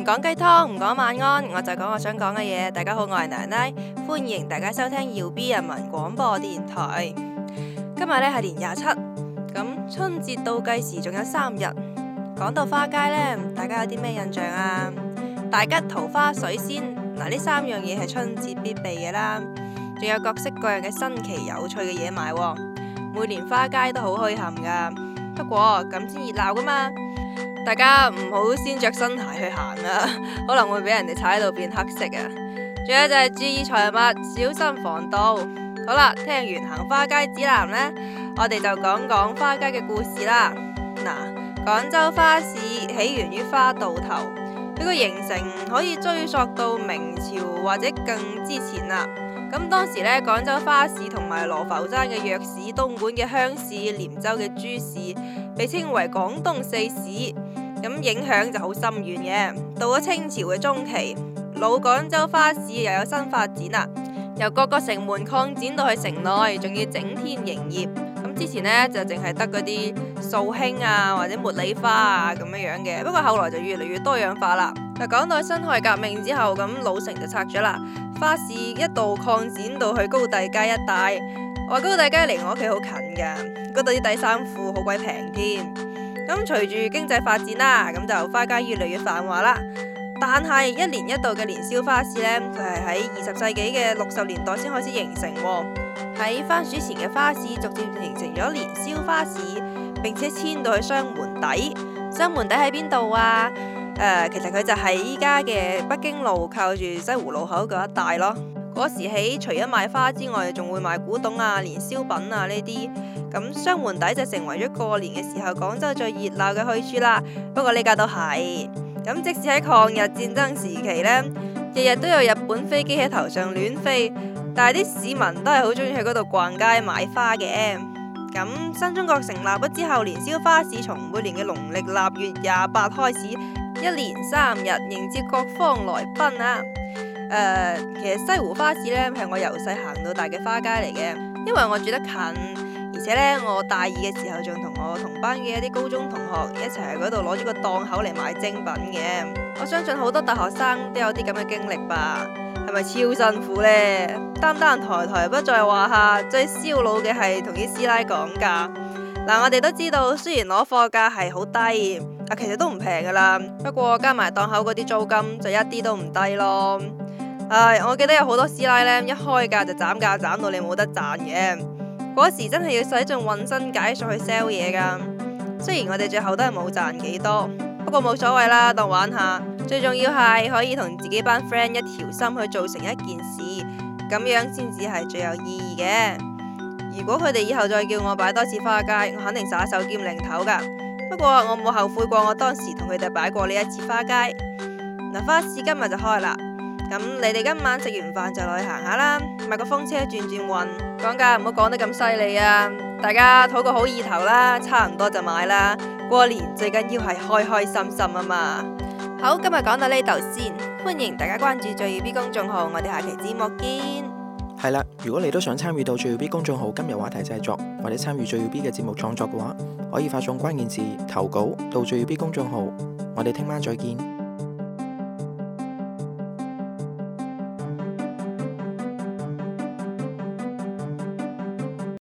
唔講雞湯，唔講晚安，我就講我想講嘅嘢。大家好，我係奶奶，歡迎大家收聽耀 B 人民廣播電台。今日呢係年廿七，咁春節倒計時仲有三日。講到花街呢，大家有啲咩印象啊？大吉、桃花、水仙，嗱，呢三樣嘢係春節必備嘅啦。仲有各式各樣嘅新奇有趣嘅嘢買，每年花街都好墟冚噶。不過咁先熱鬧噶嘛。大家唔好先着新鞋去行啊，可能會俾人哋踩到變黑色啊！仲有就係注意財物，小心防盜。好啦，聽完行花街指南呢，我哋就講講花街嘅故事啦。嗱，廣州花市起源於花渡頭，呢個形成可以追溯到明朝或者更之前啦。咁當時呢，廣州花市同埋羅浮山嘅藥市、東莞嘅香市、廉州嘅珠市，被稱為廣東四市。咁影響就好深遠嘅。到咗清朝嘅中期，老廣州花市又有新發展啦，由各個城門擴展到去城內，仲要整天營業。咁之前呢，就淨係得嗰啲素馨啊或者茉莉花啊咁樣樣嘅，不過後來就越嚟越多樣化啦。嗱，講到辛亥革命之後，咁老城就拆咗啦，花市一度擴展到去高第街一帶。話高第街離我屋企好近㗎，嗰度啲底衫褲好鬼平添。咁隨住經濟發展啦，咁就花街越嚟越繁華啦。但係一年一度嘅年宵花市呢，佢係喺二十世紀嘅六十年代先開始形成喎。喺番薯前嘅花市逐漸形成咗年宵花市，並且遷到去雙門底。雙門底喺邊度啊？誒、呃，其實佢就係依家嘅北京路靠住西湖路口嗰一帶咯。嗰時起，除咗賣花之外，仲會賣古董啊、年宵品啊呢啲。咁雙門底就成為咗過年嘅時候廣州最熱鬧嘅去處啦。不過呢家都係咁，即使喺抗日戰爭時期呢，日日都有日本飛機喺頭上亂飛，但係啲市民都係好中意去嗰度逛街買花嘅。咁新中國成立咗之後，年宵花市從每年嘅農曆臘月廿八開始，一連三日迎接各方來賓啊！誒、呃，其實西湖花市呢係我由細行到大嘅花街嚟嘅，因為我住得近。而且咧，我大二嘅時候仲同我同班嘅一啲高中同學一齊喺嗰度攞咗個檔口嚟賣精品嘅。我相信好多大學生都有啲咁嘅經歷吧？係咪超辛苦呢？擔擔抬抬不在話下，最燒腦嘅係同啲師奶講價。嗱，我哋都知道，雖然攞貨價係好低，啊其實都唔平噶啦。不過加埋檔口嗰啲租金，就一啲都唔低咯。唉，我記得有好多師奶呢，一開價就斬價，斬到你冇得賺嘅。嗰時真係要使盡渾身解數去 sell 嘢噶，雖然我哋最後都係冇賺幾多，不過冇所謂啦，當玩下。最重要係可以同自己班 friend 一條心去做成一件事，咁樣先至係最有意義嘅。如果佢哋以後再叫我擺多次花街，我肯定耍手兼擰頭噶。不過我冇後悔過，我當時同佢哋擺過呢一次花街。嗱，花市今日就開啦，咁你哋今晚食完飯就落去行下啦，買個風車轉轉運。講價唔好講得咁犀利啊！大家討個好意頭啦，差唔多就買啦。過年最緊要係開開心心啊嘛。好，今日講到呢度先，歡迎大家關注最耀 B 公眾號，我哋下期節目見。係啦，如果你都想參與到最耀 B 公眾號今日話題製作，或者參與最耀 B 嘅節目創作嘅話，可以發送關鍵字投稿到最耀 B 公眾號。我哋聽晚再見。